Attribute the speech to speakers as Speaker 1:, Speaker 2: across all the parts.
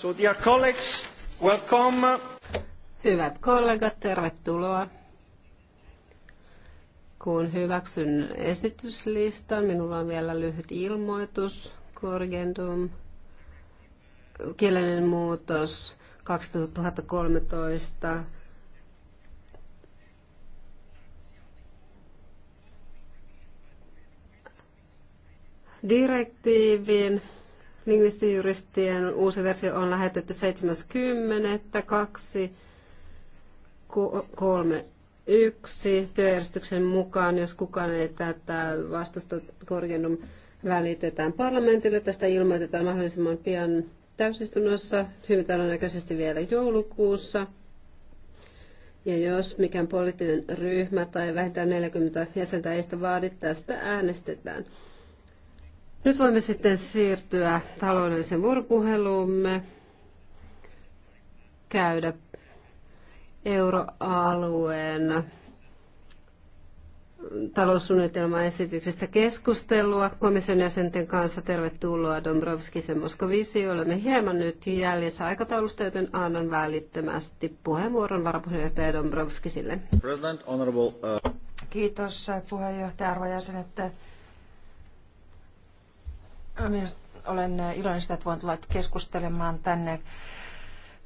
Speaker 1: So dear colleagues, welcome. Hyvät kollegat, tervetuloa. Kun hyväksyn esityslistan, minulla on vielä lyhyt ilmoitus. Korgendum, kielinen muutos 2013 direktiivin Lingvistijuristien uusi versio on lähetetty 7.10.2. yksi työjärjestyksen mukaan, jos kukaan ei tätä vastusta korjennut välitetään parlamentille. Tästä ilmoitetaan mahdollisimman pian täysistunnossa, hyvin todennäköisesti vielä joulukuussa. Ja jos mikään poliittinen ryhmä tai vähintään 40 jäsentä ei sitä vaadi, tästä äänestetään. Nyt voimme sitten siirtyä taloudellisen vuoropuheluumme, käydä euroalueen taloussuunnitelmaesityksestä keskustelua komission jäsenten kanssa. Tervetuloa ja Moskovisi. Olemme hieman nyt jäljessä aikataulusta, joten annan välittömästi puheenvuoron varapuheenjohtaja Dombrovskisille. President, honorable, uh... Kiitos puheenjohtaja arvojäsenet
Speaker 2: olen iloinen sitä, että voin tulla keskustelemaan tänne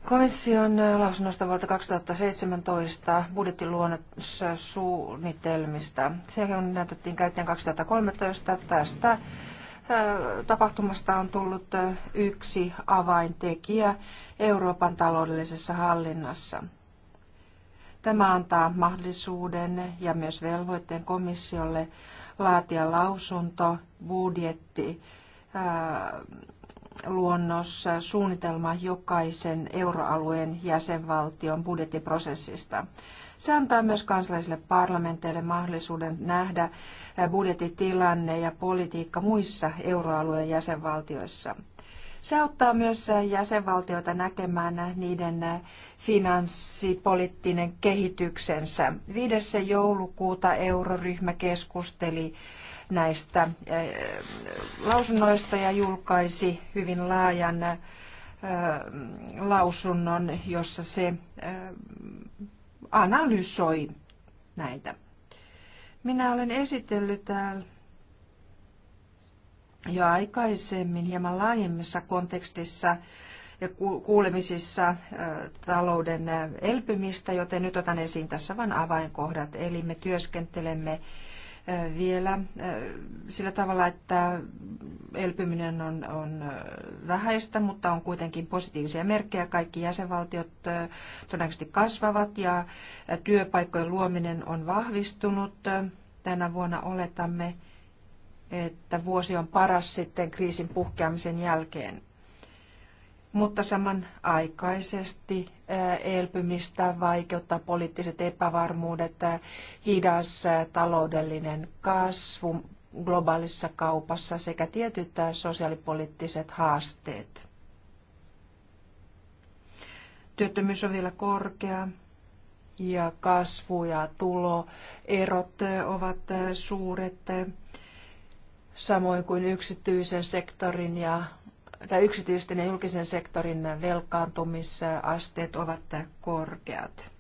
Speaker 2: komission lausunnosta vuodelta 2017 budjettiluonnossuunnitelmista. Siellä näytettiin käyttäen 2013 tästä tapahtumasta on tullut yksi avaintekijä Euroopan taloudellisessa hallinnassa. Tämä antaa mahdollisuuden ja myös velvoitteen komissiolle laatia lausunto budjetti luonnos suunnitelma jokaisen euroalueen jäsenvaltion budjettiprosessista. Se antaa myös kansallisille parlamenteille mahdollisuuden nähdä budjettitilanne ja politiikka muissa euroalueen jäsenvaltioissa. Se auttaa myös jäsenvaltioita näkemään niiden finanssipoliittinen kehityksensä. 5. joulukuuta euroryhmä keskusteli näistä eh, lausunnoista ja julkaisi hyvin laajan eh, lausunnon, jossa se eh, analysoi näitä. Minä olen esitellyt täällä jo aikaisemmin hieman laajemmissa kontekstissa ja kuulemisissa talouden elpymistä, joten nyt otan esiin tässä vain avainkohdat. Eli me työskentelemme vielä sillä tavalla, että elpyminen on, on vähäistä, mutta on kuitenkin positiivisia merkkejä. Kaikki jäsenvaltiot todennäköisesti kasvavat ja työpaikkojen luominen on vahvistunut. Tänä vuonna oletamme, että vuosi on paras sitten kriisin puhkeamisen jälkeen. Mutta samanaikaisesti elpymistä vaikeuttaa poliittiset epävarmuudet, hidas taloudellinen kasvu globaalissa kaupassa sekä tietyt sosiaalipoliittiset haasteet. Työttömyys on vielä korkea ja kasvu- ja tuloerot ovat suuret, samoin kuin yksityisen sektorin ja tai yksityisten ja julkisen sektorin velkaantumisasteet ovat korkeat.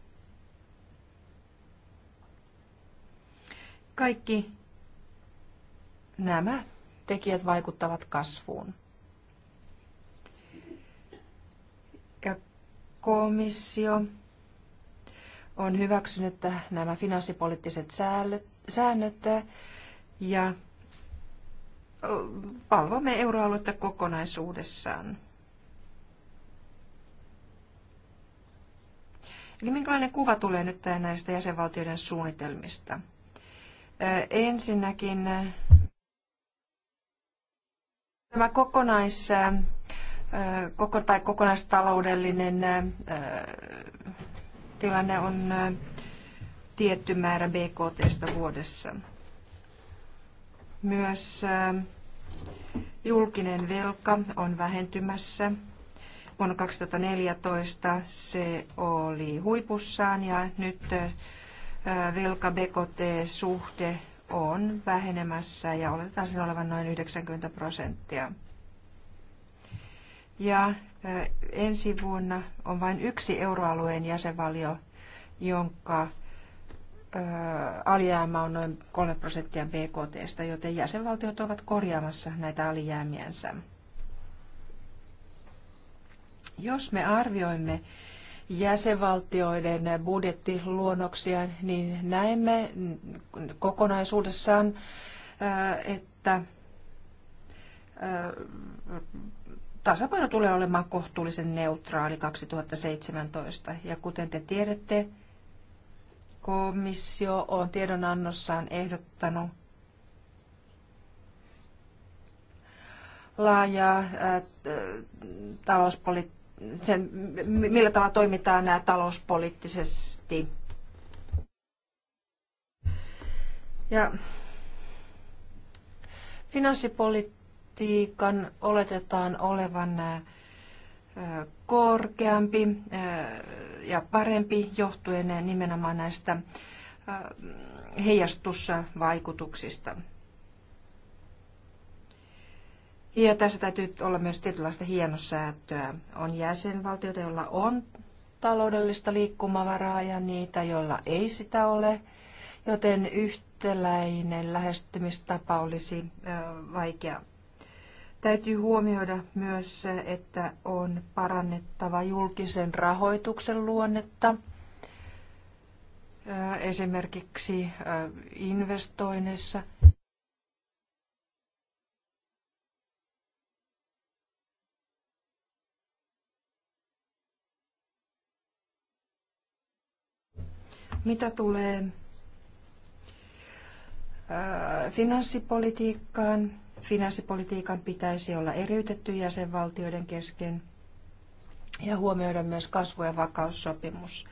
Speaker 2: Kaikki nämä tekijät vaikuttavat kasvuun. Ja komissio on hyväksynyt nämä finanssipoliittiset säännöt ja valvomme euroaluetta kokonaisuudessaan. Eli minkälainen kuva tulee nyt näistä jäsenvaltioiden suunnitelmista? Ensinnäkin tämä kokonais, koko, tai kokonaistaloudellinen tilanne on tietty määrä BKTstä vuodessa. Myös ähm, julkinen velka on vähentymässä. Vuonna 2014 se oli huipussaan ja nyt äh, velka-BKT-suhde on vähenemässä ja oletetaan sen olevan noin 90 prosenttia. Ja äh, ensi vuonna on vain yksi euroalueen jäsenvalio, jonka Äh, alijäämä on noin 3 prosenttia BKTstä, joten jäsenvaltiot ovat korjaamassa näitä alijäämiänsä. Jos me arvioimme jäsenvaltioiden budjettiluonnoksia, niin näemme kokonaisuudessaan, äh, että äh, tasapaino tulee olemaan kohtuullisen neutraali 2017. Ja kuten te tiedätte, komissio on tiedonannossaan ehdottanut laajaa äh, talouspoli- sen, millä tavalla toimitaan nämä talouspoliittisesti. Ja finanssipolitiikan oletetaan olevan äh, korkeampi ja parempi johtuen nimenomaan näistä vaikutuksista. Ja tässä täytyy olla myös tietynlaista hienosäätöä. On jäsenvaltioita, joilla on taloudellista liikkumavaraa ja niitä, joilla ei sitä ole, joten yhtäläinen lähestymistapa olisi vaikea Täytyy huomioida myös, että on parannettava julkisen rahoituksen luonnetta. Esimerkiksi investoinnissa mitä tulee finanssipolitiikkaan, Finanssipolitiikan pitäisi olla eriytetty jäsenvaltioiden kesken ja huomioida myös kasvu- ja vakaussopimus.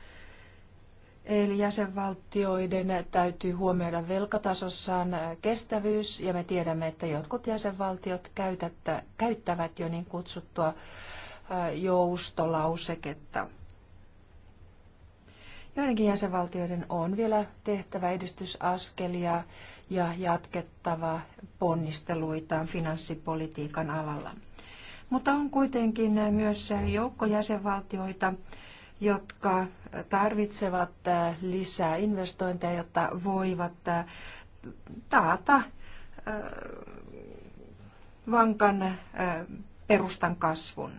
Speaker 2: Eli jäsenvaltioiden täytyy huomioida velkatasossaan kestävyys, ja me tiedämme, että jotkut jäsenvaltiot käytävät jo niin kutsuttua joustolauseketta. Joidenkin jäsenvaltioiden on vielä tehtävä edistysaskelia ja jatkettava ponnisteluitaan finanssipolitiikan alalla. Mutta on kuitenkin myös joukko jäsenvaltioita, jotka tarvitsevat lisää investointeja, jotta voivat taata eh, vankan eh, perustan kasvun.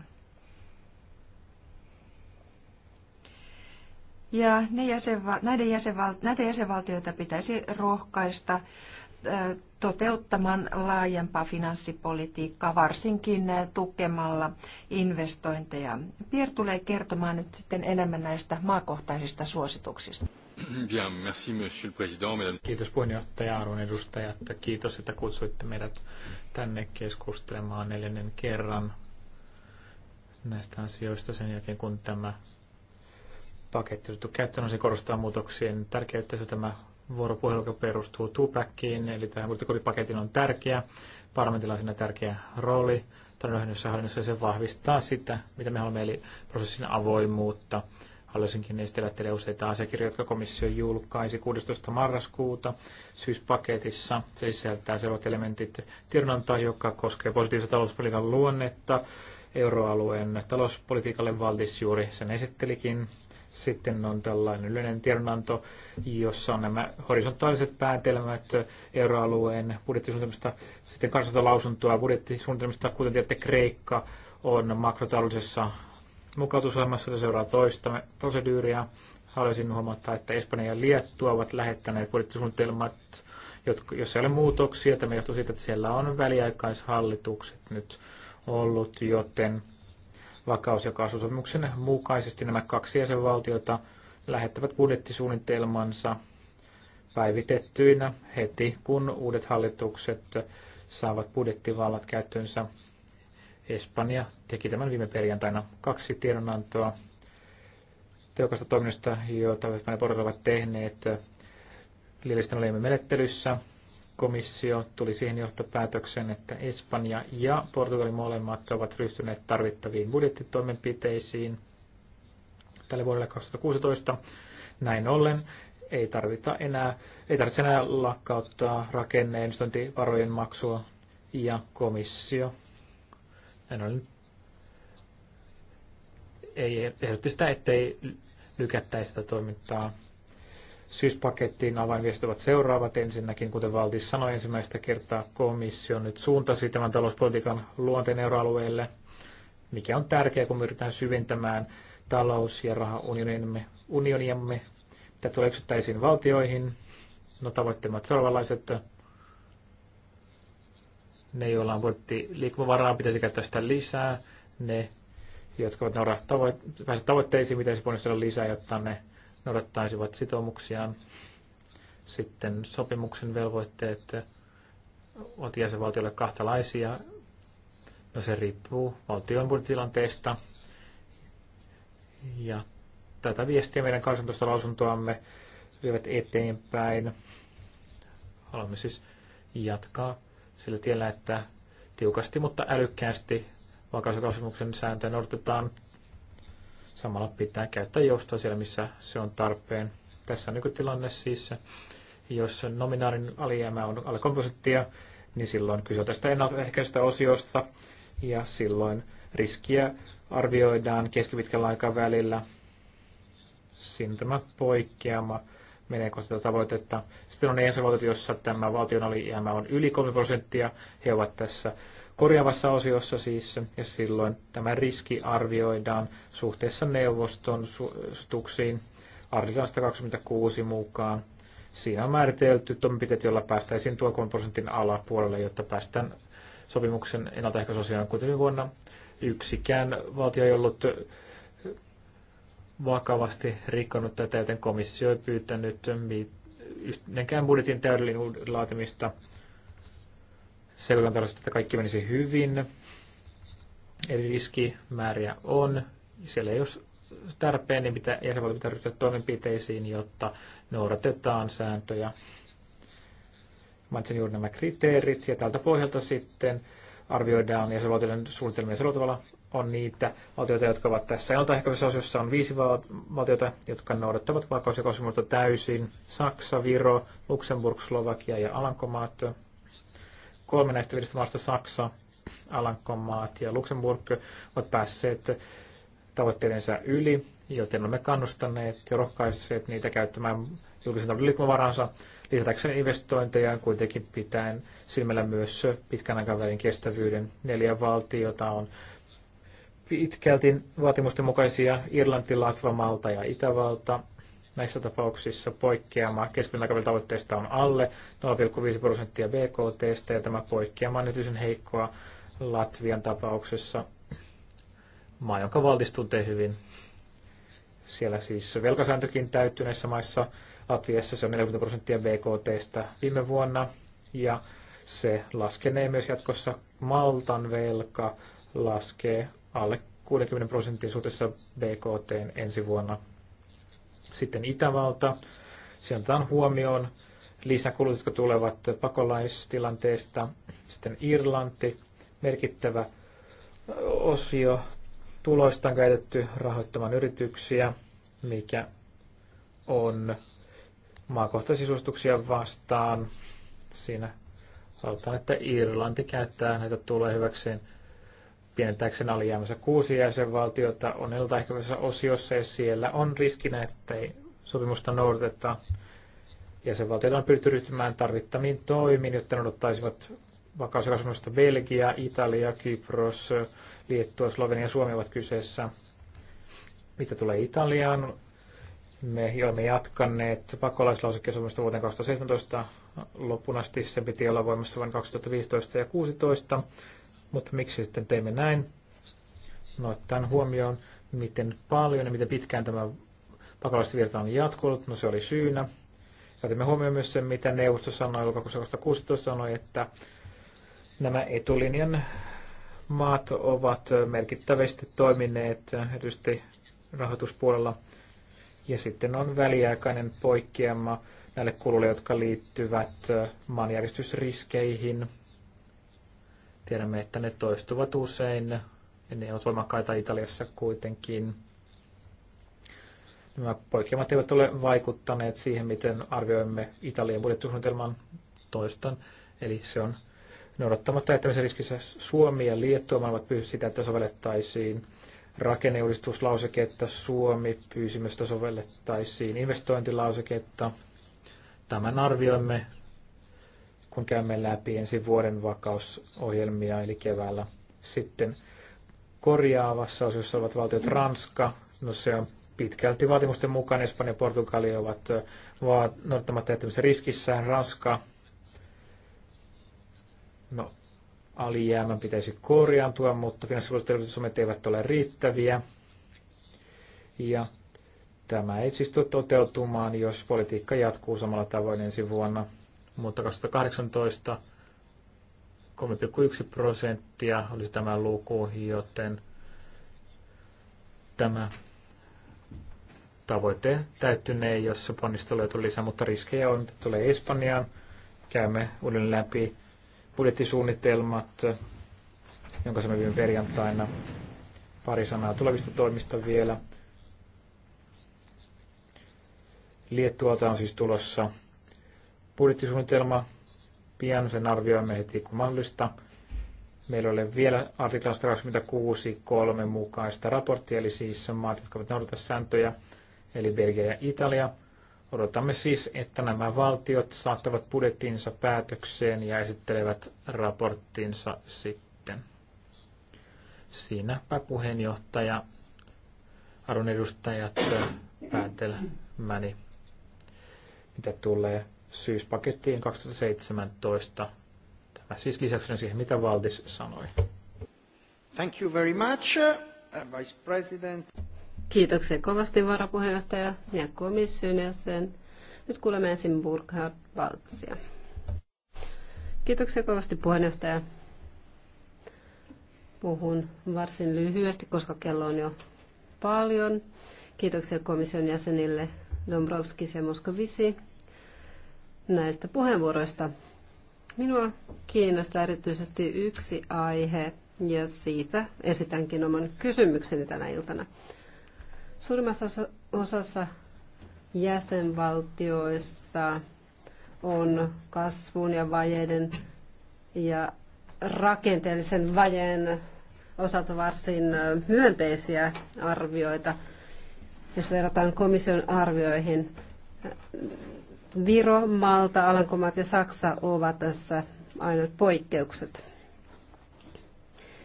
Speaker 2: Ja ne jäsenva- näiden jäsenval- näitä jäsenvaltioita pitäisi rohkaista toteuttamaan laajempaa finanssipolitiikkaa, varsinkin tukemalla investointeja. Pier tulee kertomaan nyt sitten enemmän näistä maakohtaisista suosituksista. Bien, merci, monsieur le président.
Speaker 3: Kiitos puheenjohtaja, arvon että Kiitos, että kutsuitte meidät tänne keskustelemaan neljännen kerran näistä asioista sen jälkeen, kun tämä paketti otettu käyttöön, no se korostaa muutoksien tärkeyttä, että tämä vuoropuhelu, joka perustuu Tupackiin, eli tämä budjettikulipaketin on tärkeä, parlamentilla on siinä tärkeä rooli taloudessa hallinnassa ja se vahvistaa sitä, mitä me haluamme, eli prosessin avoimuutta. Haluaisinkin esitellä teille useita asiakirjoja, jotka komissio julkaisi 16. marraskuuta syyspaketissa. Se sisältää sellaiset elementit tiedonantoa, joka koskee positiivista talouspolitiikan luonnetta, euroalueen talouspolitiikalle Valdis juuri sen esittelikin. Sitten on tällainen yleinen tiedonanto, jossa on nämä horisontaaliset päätelmät euroalueen budjettisuunnitelmista, sitten kansallista lausuntoa kuten tiedätte, Kreikka on makrotaloudellisessa mukautusohjelmassa, se seuraa toista proseduuria. Haluaisin huomata, että Espanja ja Liettua ovat lähettäneet budjettisuunnitelmat, jos ei ole muutoksia. Tämä johtuu siitä, että siellä on väliaikaishallitukset nyt ollut, joten vakaus- ja kasvusopimuksen mukaisesti nämä kaksi jäsenvaltiota lähettävät budjettisuunnitelmansa päivitettyinä heti, kun uudet hallitukset saavat budjettivallat käyttöönsä. Espanja teki tämän viime perjantaina kaksi tiedonantoa tehokasta toiminnasta, joita Espanjan portit ovat tehneet liillisten menettelyssä komissio tuli siihen johtopäätökseen, että Espanja ja Portugali molemmat ovat ryhtyneet tarvittaviin budjettitoimenpiteisiin tälle vuodelle 2016. Näin ollen ei tarvita enää, ei tarvitse enää lakkauttaa rakenne investointivarojen maksua ja komissio. Näin ollen ei ehdotti sitä, ettei lykättäisi sitä toimintaa syyspakettiin avainviestit ovat seuraavat. Ensinnäkin, kuten Valdis sanoi, ensimmäistä kertaa komissio nyt suuntasi tämän talouspolitiikan luonteen euroalueelle, mikä on tärkeää, kun yritetään syventämään talous- ja rahaunioniamme unioniamme, mitä tulee yksittäisiin valtioihin. No tavoitteemme ovat seuraavanlaiset. Ne, joilla on voitti liikkumavaraa, pitäisi käyttää sitä lisää. Ne, jotka ovat tavoitteisiin, pitäisi ponnistella lisää, jotta ne noudattaisivat sitoumuksiaan. Sitten sopimuksen velvoitteet ovat jäsenvaltiolle kahtalaisia. No se riippuu valtion budjettilanteesta. Ja tätä viestiä meidän 18 lausuntoamme vievät eteenpäin. Haluamme siis jatkaa sillä tiellä, että tiukasti, mutta älykkäästi vakausokausimuksen sääntöä noudatetaan Samalla pitää käyttää joustoa siellä, missä se on tarpeen. Tässä on nykytilanne siis, jos nominaarin alijäämä on alle 3 prosenttia, niin silloin kyse on tästä ennaltaehkäisestä osiosta, ja silloin riskiä arvioidaan keskipitkällä aikavälillä. Siinä tämä poikkeama menee kohti tätä tavoitetta. Sitten on ensi jossa tämä valtion alijäämä on yli 3 prosenttia. He ovat tässä korjaavassa osiossa siis, ja silloin tämä riski arvioidaan suhteessa neuvoston suosituksiin artiklan 126 mukaan. Siinä on määritelty toimenpiteet, joilla päästäisiin tuo 3 prosentin alapuolelle, jotta päästään sopimuksen ennaltaehkäisyasiaan. Kuitenkin vuonna yksikään valtio ei ollut vakavasti rikkonut tätä, joten komissio ei pyytänyt yhdenkään budjetin täydellinen laatimista tarvitsen, että kaikki menisi hyvin. Eli riskimääriä on. Siellä ole tarpeen, niin pitää, jäsenvaltio pitää ryhtyä toimenpiteisiin, jotta noudatetaan sääntöjä. Mainitsin juuri nämä kriteerit, ja tältä pohjalta sitten arvioidaan jäsenvaltioiden suunnitelmia sillä tavalla, on niitä valtioita, jotka ovat tässä ennaltaehkäisessä osiossa, on viisi valtiota, jotka noudattavat vakaus- ja täysin. Saksa, Viro, Luxemburg, Slovakia ja Alankomaat. Kolme näistä viidestä maasta Saksa, Alankomaat ja Luxemburg ovat päässeet tavoitteidensa yli, joten olemme kannustaneet ja rohkaisseet niitä käyttämään julkisen talouden liikkumavaransa lisätäkseen investointeja, kuitenkin pitäen silmällä myös pitkän aikavälin kestävyyden. Neljä valtiota on pitkälti vaatimusten mukaisia Irlanti, Latva, Malta ja Itävalta. Näissä tapauksissa poikkeama keskipitkän aikavälin tavoitteesta on alle 0,5 prosenttia BKT, ja tämä poikkeama on erityisen heikkoa Latvian tapauksessa. Maa, jonka valtistuntee hyvin. Siellä siis velkasääntökin täyttyy näissä maissa. Latviassa se on 40 prosenttia BKTstä viime vuonna, ja se laskenee myös jatkossa. Maltan velka laskee alle 60 prosenttia suhteessa BKT ensi vuonna. Sitten Itävalta. Siellä otetaan huomioon lisäkulut, jotka tulevat pakolaistilanteesta. Sitten Irlanti, merkittävä osio tuloista on käytetty rahoittamaan yrityksiä, mikä on maakohtaisia suosituksia vastaan. Siinä halutaan, että Irlanti käyttää näitä tulee hyväkseen – pienentääkseen alijäämänsä kuusi jäsenvaltiota on eltaehkäisessä osiossa ja siellä on riskinä, että ei sopimusta noudateta. Jäsenvaltiot on pyritty ryhtymään tarvittamiin toimiin, jotta noudattaisivat vakaus- ja Belgia, Italia, Kypros, Liettua, Slovenia ja Suomi ovat kyseessä. Mitä tulee Italiaan, me olemme jatkanneet pakolaislausekkeesopimusta vuoteen 2017 loppuun asti. Se piti olla voimassa vain 2015 ja 2016 mutta miksi sitten teimme näin? No, ottaen huomioon, miten paljon ja miten pitkään tämä pakolaisvirta on jatkunut, no se oli syynä. Otimme huomioon myös sen, mitä neuvosto sanoi, lokakuussa 2016 sanoi, että nämä etulinjan maat ovat merkittävästi toimineet, erityisesti rahoituspuolella. Ja sitten on väliaikainen poikkeama näille kuluille, jotka liittyvät maanjärjestysriskeihin. Tiedämme, että ne toistuvat usein ja ne ovat voimakkaita Italiassa kuitenkin. Nämä poikkeamat eivät ole vaikuttaneet siihen, miten arvioimme Italian budjettisuunnitelman toistan. Eli se on noudattamatta jättämisen riskissä Suomi ja Liettua molemmat pyysivät sitä, että sovellettaisiin rakenneuudistuslauseketta, Suomi pyysi myös, että sovellettaisiin investointilauseketta. Tämän arvioimme kun käymme läpi ensi vuoden vakausohjelmia, eli keväällä sitten korjaavassa osiossa ovat valtiot Ranska, no se on pitkälti vaatimusten mukaan Espanja ja Portugali ovat noudattamatta jättämisessä riskissään. Ranska, no alijäämän pitäisi korjaantua, mutta finanssipuolustusteollisuudet eivät ole riittäviä. Ja tämä ei siis tule toteutumaan, jos politiikka jatkuu samalla tavoin ensi vuonna mutta 2018 3,1 prosenttia olisi tämä luku, joten tämä tavoite täyttynee, jos ponnisteluja tulee lisää, mutta riskejä on, tulee Espanjaan. Käymme uuden läpi budjettisuunnitelmat, jonka se viime perjantaina. Pari sanaa tulevista toimista vielä. Liettualta on siis tulossa budjettisuunnitelma. Pian sen arvioimme heti kun mahdollista. Meillä oli vielä artiklan 26.3 mukaista raporttia, eli siis maat, jotka ovat noudata sääntöjä, eli Belgia ja Italia. Odotamme siis, että nämä valtiot saattavat budjettinsa päätökseen ja esittelevät raporttinsa sitten. Siinäpä puheenjohtaja, arvon edustajat, päätelmäni, mitä tulee syyspakettiin 2017. Tämä siis lisäksi siihen, mitä Valdis sanoi.
Speaker 1: Thank you very much, uh, Vice President. Kiitoksia kovasti varapuheenjohtaja ja komission jäsen. Nyt kuulemme ensin Burkhard Valtsia. Kiitoksia kovasti puheenjohtaja. Puhun varsin lyhyesti, koska kello on jo paljon. Kiitoksia komission jäsenille Dombrovskis ja Moskovisi näistä puheenvuoroista. Minua kiinnostaa erityisesti yksi aihe, ja siitä esitänkin oman kysymykseni tänä iltana. Suurimmassa osassa jäsenvaltioissa on kasvun ja vajeiden ja rakenteellisen vajeen osalta varsin myönteisiä arvioita. Jos verrataan komission arvioihin, Viro, Malta, Alankomaat ja Saksa ovat tässä ainoat poikkeukset.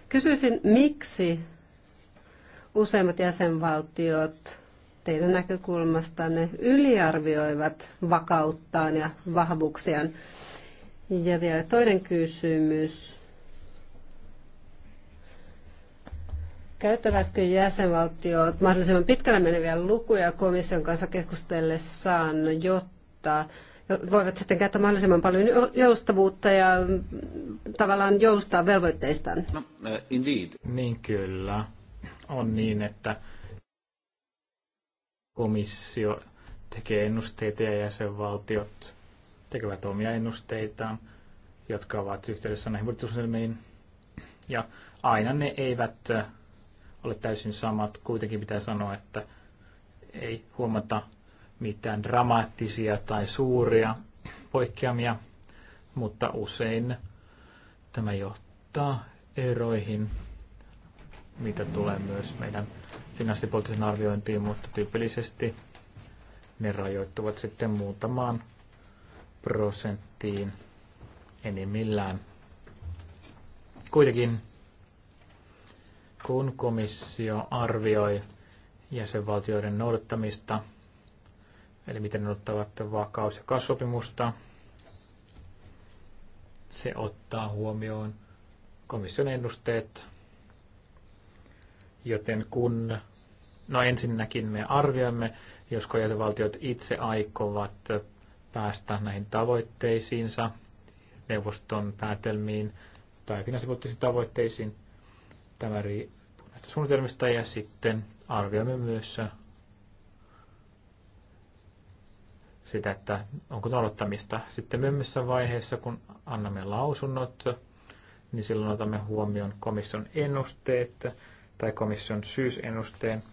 Speaker 1: Kysyisin, miksi useimmat jäsenvaltiot teidän näkökulmastanne yliarvioivat vakauttaan ja vahvuuksiaan? Ja vielä toinen kysymys. Käyttävätkö jäsenvaltiot mahdollisimman pitkälle meneviä lukuja komission kanssa keskustellessaan, jotta vaikuttaa. voivat sitten käyttää mahdollisimman paljon joustavuutta ja tavallaan joustaa velvoitteistaan. No,
Speaker 3: uh, indeed. Niin kyllä. On niin, että komissio tekee ennusteita ja jäsenvaltiot tekevät omia ennusteitaan, jotka ovat yhteydessä näihin budjettiselmiin. Ja aina ne eivät eh, ole täysin samat. Kuitenkin pitää sanoa, että ei huomata mitään dramaattisia tai suuria poikkeamia, mutta usein tämä johtaa eroihin, mitä tulee myös meidän finanssipoliittisen arviointiin, mutta tyypillisesti ne rajoittuvat sitten muutamaan prosenttiin enimmillään. Kuitenkin kun komissio arvioi jäsenvaltioiden noudattamista eli miten ne ottavat vakaus- ja kasvopimusta, Se ottaa huomioon komission ennusteet, joten kun, no ensinnäkin me arvioimme, josko jäsenvaltiot itse aikovat päästä näihin tavoitteisiinsa, neuvoston päätelmiin tai finanssipoliittisiin tavoitteisiin, tämä riippuu näistä suunnitelmista ja sitten arvioimme myös sitä, että onko noudattamista. Sitten myöhemmissä vaiheessa, kun annamme lausunnot, niin silloin otamme huomioon komission ennusteet tai komission syysennusteen.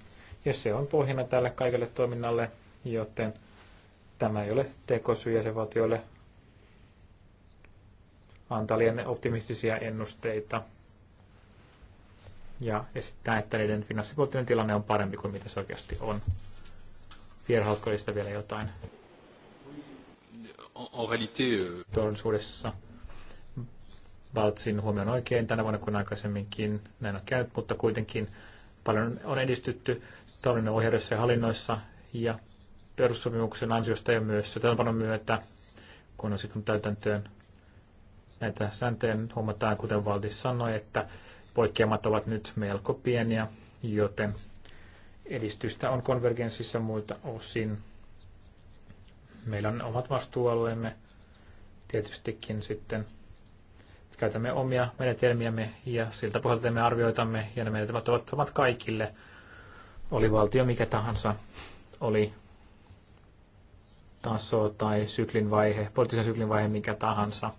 Speaker 3: Ja se on pohjana tälle kaikelle toiminnalle, joten tämä ei ole tekosyy jäsenvaltioille antaa optimistisia ennusteita ja esittää, että niiden finanssipoliittinen tilanne on parempi kuin mitä se oikeasti on. Pierre, vielä jotain? en réalité... Euh, Todellisuudessa Valtsin huomioon oikein tänä vuonna kuin aikaisemminkin. Näin on käynyt, mutta kuitenkin paljon on edistytty talouden ohjaudessa ja hallinnoissa ja perussopimuksen ansiosta ja myös täytäntöpanon myötä, kun on sitten täytäntöön näitä sääntöjä, huomataan, kuten Valdis sanoi, että poikkeamat ovat nyt melko pieniä, joten edistystä on konvergenssissa muita osin. Meillä on omat vastuualueemme tietystikin sitten. Käytämme omia menetelmiämme ja siltä pohjalta me arvioitamme ja ne menetelmät ovat samat kaikille. Oli valtio mikä tahansa, oli taso tai syklin vaihe, poliittisen syklin vaihe mikä tahansa.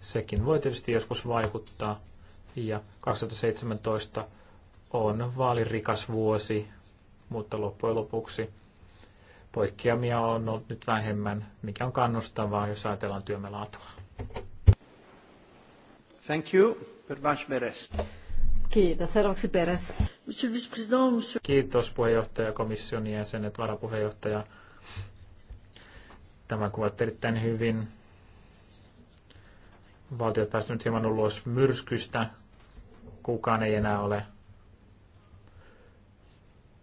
Speaker 3: Sekin voi tietysti joskus vaikuttaa. Ja 2017 on vaalirikas vuosi, mutta loppujen lopuksi poikkeamia on ollut nyt vähemmän, mikä on kannustavaa, jos ajatellaan työmme laatua.
Speaker 2: Thank you.
Speaker 1: Kiitos. Seuraavaksi Peres.
Speaker 3: Kiitos puheenjohtaja, komission jäsenet, varapuheenjohtaja. Tämä kuvat erittäin hyvin. Valtiot pääsivät nyt hieman ulos myrskystä. Kukaan ei enää ole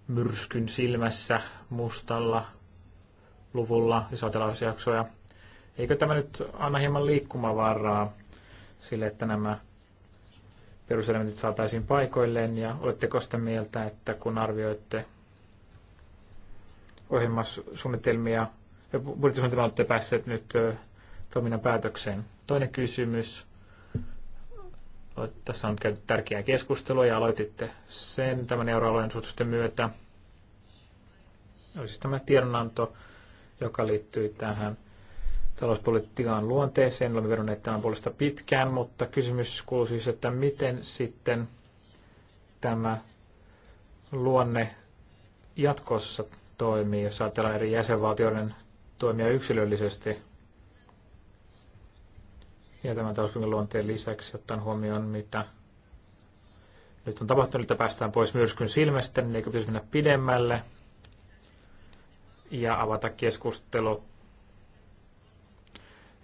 Speaker 3: myrskyn silmässä mustalla luvulla, jos ajatellaan jaksoja. Eikö tämä nyt anna hieman liikkumavaraa sille, että nämä peruselementit saataisiin paikoilleen, ja oletteko sitä mieltä, että kun arvioitte ohjelmasuunnitelmia ja budjettisuunnitelmia olette päässeet nyt toiminnan päätökseen. Toinen kysymys. Tässä on käyty tärkeää keskustelua ja aloititte sen tämän euroalueen suhtusten myötä. Olisi siis tämä tiedonanto joka liittyy tähän talouspolitiikan luonteeseen. Olemme vedonneet tämän puolesta pitkään, mutta kysymys kuuluu siis, että miten sitten tämä luonne jatkossa toimii, jos ajatellaan eri jäsenvaltioiden toimia yksilöllisesti ja tämän talouspolitiikan luonteen lisäksi ottaen huomioon, mitä nyt on tapahtunut, että päästään pois myrskyn silmästä, niin eikö pitäisi mennä pidemmälle – ja avata keskustelu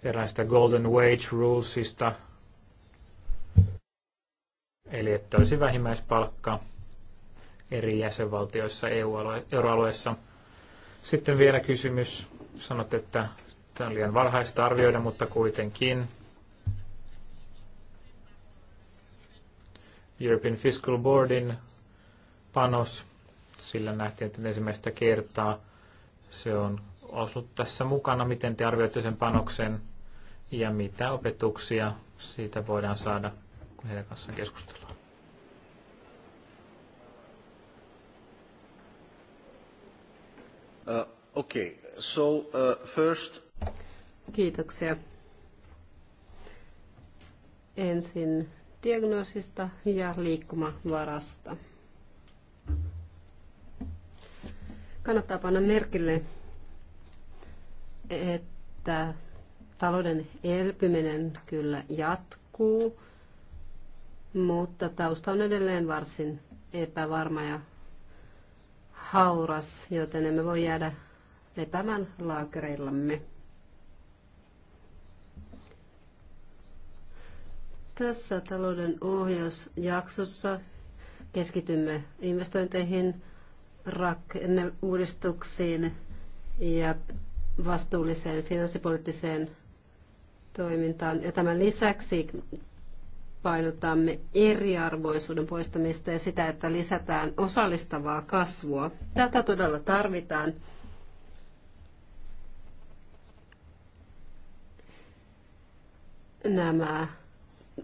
Speaker 3: eräistä Golden Wage Rulesista, eli että olisi vähimmäispalkka eri jäsenvaltioissa EU-euroalueessa. Sitten vielä kysymys. Sanot, että tämä on liian varhaista arvioida, mutta kuitenkin. European Fiscal Boardin panos. Sillä nähtiin, että ensimmäistä kertaa se on ollut tässä mukana, miten te arvioitte sen panoksen ja mitä opetuksia siitä voidaan saada, kun heidän kanssaan keskustellaan. Uh, okay. so,
Speaker 2: uh, first...
Speaker 1: Kiitoksia. Ensin diagnoosista ja liikkumavarasta. Kannattaa panna merkille, että talouden elpyminen kyllä jatkuu, mutta tausta on edelleen varsin epävarma ja hauras, joten emme voi jäädä lepämään laakereillamme. Tässä talouden ohjausjaksossa keskitymme investointeihin, rakenneuudistuksiin ja vastuulliseen finanssipoliittiseen toimintaan. Ja tämän lisäksi painotamme eriarvoisuuden poistamista ja sitä, että lisätään osallistavaa kasvua. Tätä todella tarvitaan. Nämä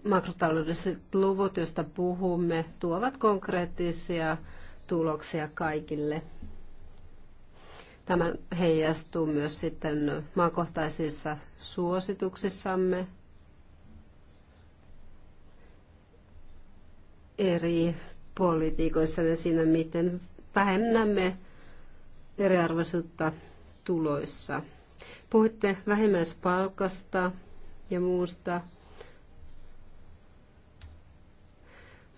Speaker 1: makrotaloudelliset luvut, joista puhumme, tuovat konkreettisia tuloksia kaikille. Tämä heijastuu myös sitten maakohtaisissa suosituksissamme eri politiikoissamme siinä, miten vähennämme eriarvoisuutta tuloissa. Puhuitte vähimmäispalkasta ja muusta.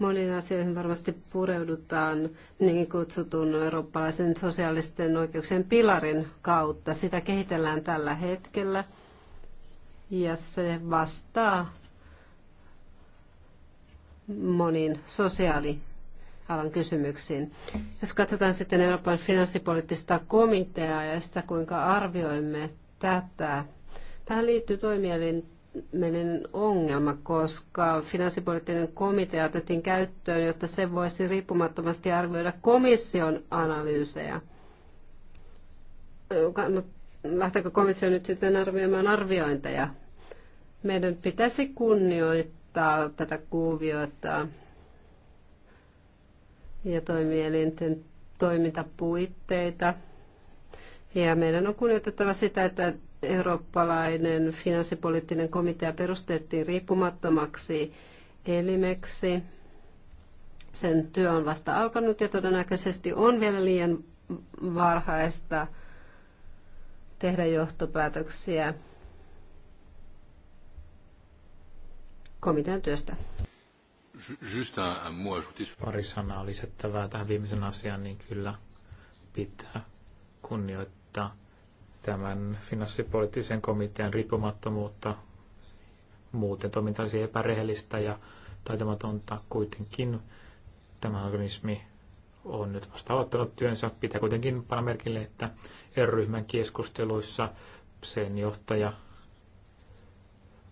Speaker 1: Moniin asioihin varmasti pureudutaan niin kutsutun eurooppalaisen sosiaalisten oikeuksien pilarin kautta. Sitä kehitellään tällä hetkellä ja se vastaa moniin sosiaali alan kysymyksiin. Jos katsotaan sitten Euroopan finanssipoliittista komiteaa ja sitä, kuinka arvioimme tätä, tähän liittyy toimielin ilmeinen ongelma, koska finanssipoliittinen komitea otettiin käyttöön, jotta se voisi riippumattomasti arvioida komission analyysejä. Lähteekö komissio nyt sitten arvioimaan arviointeja? Meidän pitäisi kunnioittaa tätä kuviota ja toimielinten toimintapuitteita. Ja meidän on kunnioitettava sitä, että eurooppalainen finanssipoliittinen komitea perustettiin riippumattomaksi elimeksi. Sen työ on vasta alkanut ja todennäköisesti on vielä liian varhaista tehdä johtopäätöksiä komitean työstä.
Speaker 3: Pari sanaa lisättävää tähän viimeisen asiaan, niin kyllä pitää kunnioittaa tämän finanssipoliittisen komitean riippumattomuutta. Muuten toiminta olisi epärehellistä ja taitamatonta kuitenkin. Tämä organismi on nyt vasta aloittanut työnsä. Pitää kuitenkin panna merkille, että R-ryhmän keskusteluissa sen johtaja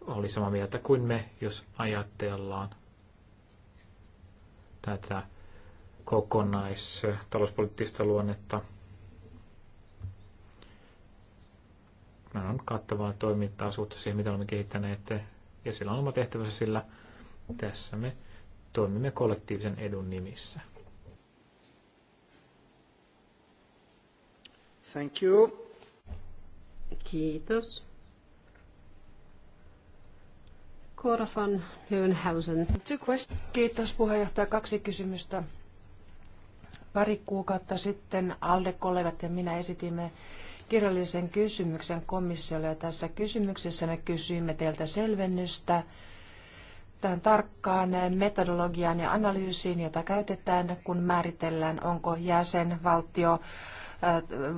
Speaker 3: oli samaa mieltä kuin me, jos ajatellaan tätä kokonaistalouspoliittista luonnetta – Meillä on kattavaa toimintaa suhteessa siihen, mitä olemme kehittäneet, ja sillä on oma tehtävänsä, sillä tässä me toimimme kollektiivisen edun nimissä.
Speaker 1: Thank you. Kiitos. Cora van Hövenhausen. Kiitos puheenjohtaja. Kaksi kysymystä.
Speaker 2: Pari kuukautta sitten alle kollegat ja minä esitimme kirjallisen kysymyksen komissiolle ja tässä kysymyksessä me kysyimme teiltä selvennystä tähän tarkkaan metodologiaan ja analyysiin, jota käytetään, kun määritellään, onko jäsenvaltio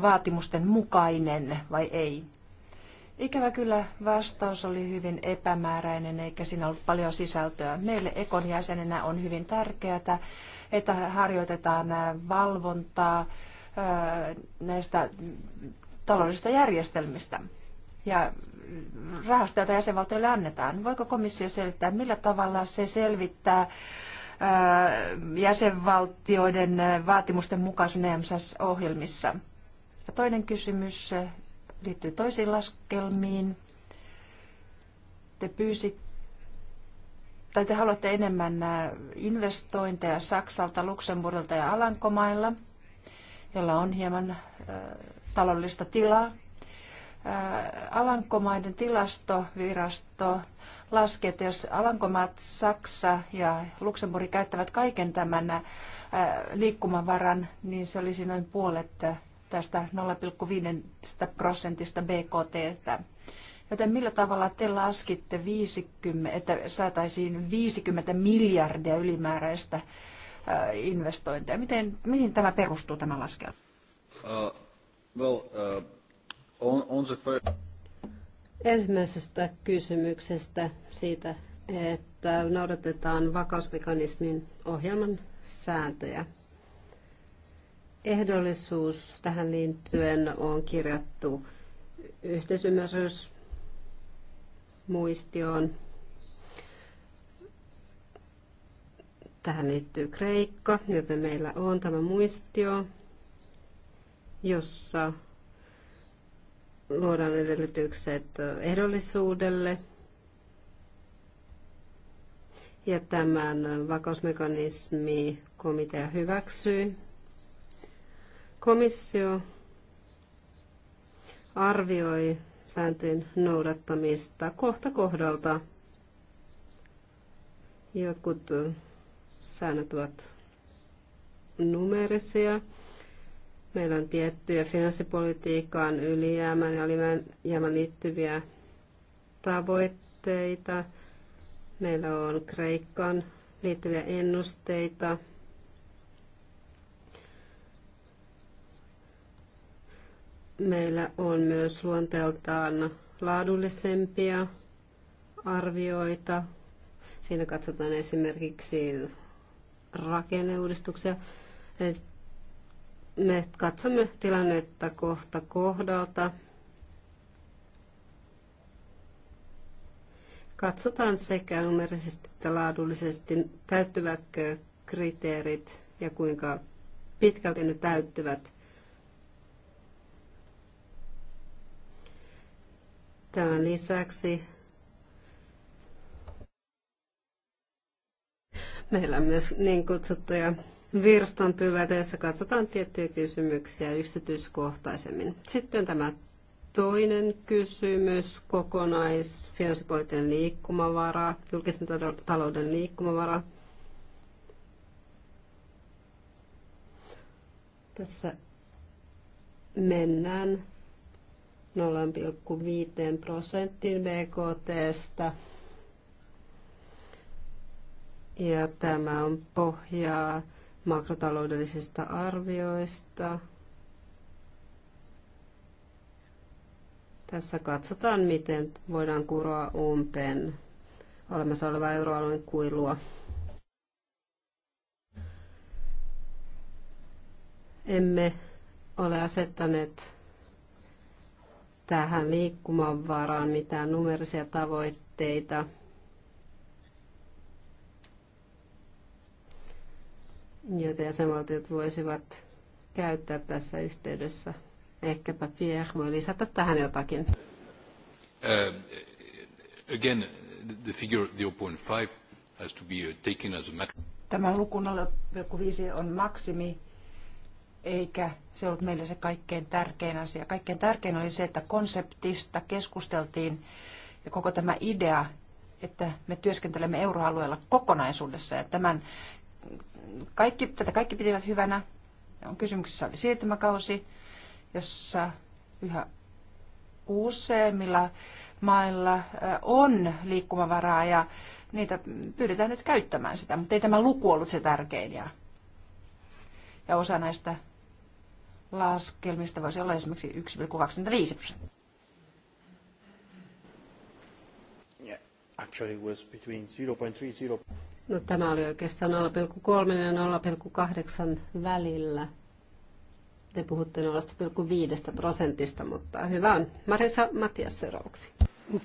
Speaker 2: vaatimusten mukainen vai ei. Ikävä kyllä vastaus oli hyvin epämääräinen eikä siinä ollut paljon sisältöä. Meille Ekon jäsenenä on hyvin tärkeää, että harjoitetaan valvontaa näistä taloudellisista järjestelmistä ja rahasta, jota jäsenvaltioille annetaan. Voiko komissio selittää, millä tavalla se selvittää äh, jäsenvaltioiden äh, vaatimusten mukaisuuden emss ohjelmissa Ja toinen kysymys liittyy toisiin laskelmiin. Te pyysitte tai te haluatte enemmän äh, investointeja Saksalta, Luxemburgilta ja Alankomailla, jolla on hieman taloudellista tilaa. Alankomaiden tilastovirasto laski, että jos Alankomaat, Saksa ja Luxemburg käyttävät kaiken tämän liikkumavaran, niin se olisi noin puolet tästä 0,5 prosentista BKT. Joten millä tavalla te laskitte, 50, että saataisiin 50 miljardia ylimääräistä investointeja? Miten,
Speaker 1: mihin tämä perustuu tämä laskelma?
Speaker 2: Uh. Well, uh, eh, on,
Speaker 3: on the...
Speaker 1: Ensimmäisestä kysymyksestä siitä, että noudatetaan vakausmekanismin ohjelman sääntöjä. Ehdollisuus tähän liittyen on kirjattu yhteisymmärrys muistioon. Tähän liittyy Kreikka, joten meillä on tämä muistio jossa luodaan edellytykset ehdollisuudelle ja tämän vakausmekanismi komitea hyväksyi. Komissio arvioi sääntöjen noudattamista kohta kohdalta. Jotkut säännöt ovat numerisia Meillä on tiettyjä finanssipolitiikkaan ylijäämän ja alijäämän liittyviä tavoitteita. Meillä on Kreikkaan liittyviä ennusteita. Meillä on myös luonteeltaan laadullisempia arvioita. Siinä katsotaan esimerkiksi rakenneuudistuksia me katsomme tilannetta kohta kohdalta. Katsotaan sekä numerisesti että laadullisesti, täyttyvätkö kriteerit ja kuinka pitkälti ne täyttyvät. Tämän lisäksi meillä on myös niin kutsuttuja virstanpylväitä, jossa katsotaan tiettyjä kysymyksiä yksityiskohtaisemmin. Sitten tämä toinen kysymys, kokonais finanssipoliittinen liikkumavara, julkisen talouden liikkumavara. Tässä mennään 0,5 prosenttiin BKTstä. Ja tämä on pohjaa makrotaloudellisista arvioista. Tässä katsotaan, miten voidaan kuroa umpeen olemassa olevaa euroalueen kuilua. Emme ole asettaneet tähän liikkumavaraan mitään numerisia tavoitteita – joita jäsenvaltiot voisivat käyttää tässä yhteydessä. Ehkäpä Pierre voi lisätä tähän jotakin.
Speaker 2: Uh, again, the figure 0.5 has to be uh, taken as a maximum. Tämä luku 0,5 on maksimi, eikä se ollut meille se kaikkein tärkein asia. Kaikkein tärkein oli se, että konseptista keskusteltiin ja koko tämä idea, että me työskentelemme euroalueella kokonaisuudessa ja tämän kaikki, tätä kaikki pitivät hyvänä. On kysymyksessä oli siirtymäkausi, jossa yhä useimmilla mailla on liikkumavaraa ja niitä pyydetään nyt käyttämään sitä, mutta ei tämä luku ollut se tärkein. Ja, ja osa näistä laskelmista voisi olla esimerkiksi 1,25 prosenttia. Actually was between 0.30.
Speaker 1: No tämä oli oikeastaan 0,3 ja 0,8 välillä. Te puhutte 0,5 prosentista, mutta hyvä on. Marisa Matias seuraavaksi. Eh,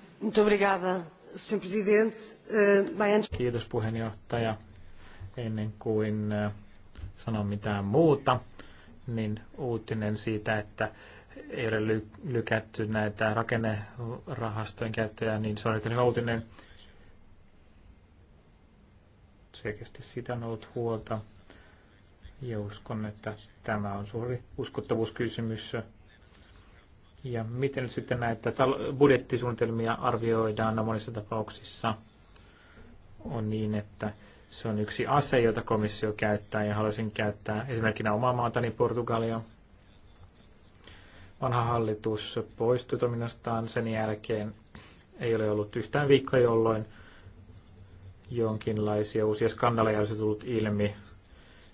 Speaker 3: Kiitos puheenjohtaja. Ennen kuin eh, sanon mitään muuta, niin uutinen siitä, että ei ole lykätty näitä rakennerahastojen käyttöjä, niin se on uutinen selkeästi sitä on ollut huolta. Ja uskon, että tämä on suuri uskottavuuskysymys. Ja miten sitten näitä budjettisuunnitelmia arvioidaan no, monissa tapauksissa? On niin, että se on yksi ase, jota komissio käyttää ja haluaisin käyttää esimerkkinä omaa maatani Portugalia. Vanha hallitus poistui toiminnastaan sen jälkeen. Ei ole ollut yhtään viikkoa, jolloin jonkinlaisia uusia skandaleja olisi tullut ilmi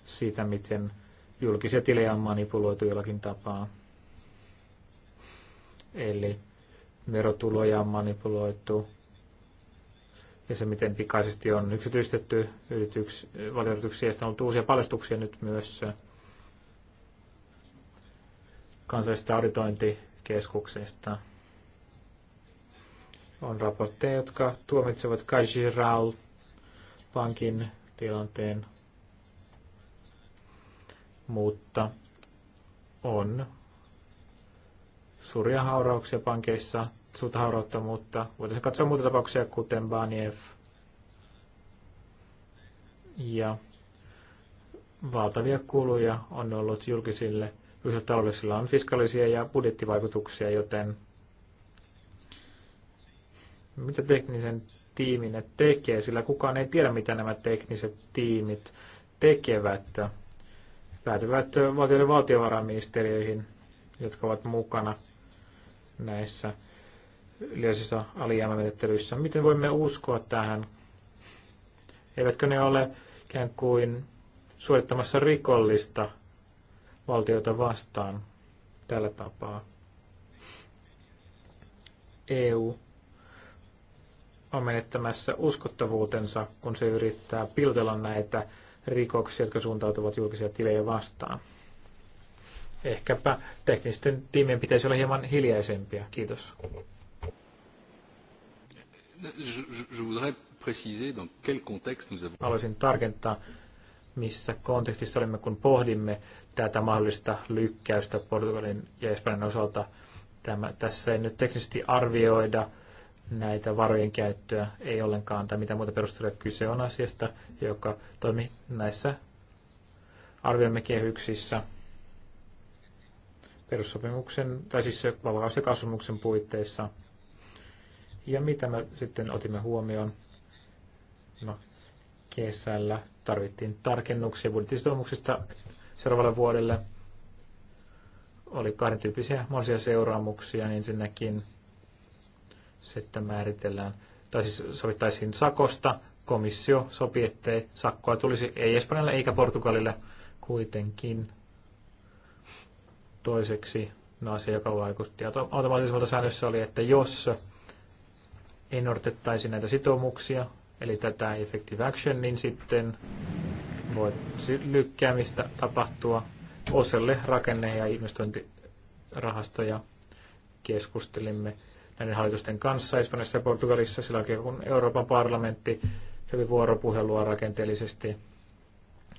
Speaker 3: siitä, miten julkisia tilejä on manipuloitu jollakin tapaa. Eli verotuloja on manipuloitu ja se, miten pikaisesti on yksityistetty yrityks, valtionyrityksiä, ja on ollut uusia paljastuksia nyt myös kansallisesta auditointikeskuksesta. On raportteja, jotka tuomitsevat Kajirau pankin tilanteen, mutta on suuria haurauksia pankeissa, suurta haurautta, mutta voitaisiin katsoa muita tapauksia, kuten Baniev ja valtavia kuluja on ollut julkisille julkisella on fiskaalisia ja budjettivaikutuksia, joten mitä teknisen tiiminne tekee, sillä kukaan ei tiedä, mitä nämä tekniset tiimit tekevät. Päätyvät valtioiden valtiovarainministeriöihin, jotka ovat mukana näissä yleisissä alijäämämenettelyissä. Miten voimme uskoa tähän? Eivätkö ne ole ikään kuin suorittamassa rikollista valtiota vastaan tällä tapaa? EU on menettämässä uskottavuutensa, kun se yrittää piltella näitä rikoksia, jotka suuntautuvat julkisia tilejä vastaan. Ehkäpä teknisten tiimien pitäisi olla hieman hiljaisempia. Kiitos. Haluaisin tarkentaa, missä kontekstissa olimme, kun pohdimme tätä mahdollista lykkäystä Portugalin ja Espanjan osalta. Tämä, tässä ei nyt teknisesti arvioida näitä varojen käyttöä ei ollenkaan tai mitä muuta perusteluja kyse on asiasta, joka toimi näissä arvioimme kehyksissä perussopimuksen, tai siis vakaus- ja kasvumuksen puitteissa. Ja mitä me sitten otimme huomioon? No, kesällä tarvittiin tarkennuksia budjettisitoumuksista seuraavalle vuodelle. Oli kahden tyyppisiä mahdollisia seuraamuksia. Ensinnäkin sitten määritellään, tai siis sovittaisiin sakosta, komissio sopi, ettei sakkoa tulisi ei Espanjalle eikä Portugalille kuitenkin. Toiseksi no asia, joka vaikutti automaattisemmalta säännössä oli, että jos ei noudatettaisi näitä sitoumuksia, eli tätä effective action, niin sitten voi lykkäämistä tapahtua oselle rakenne- ja investointirahastoja. Keskustelimme näiden hallitusten kanssa Espanjassa ja Portugalissa sillä aikaa, kun Euroopan parlamentti kävi vuoropuhelua rakenteellisesti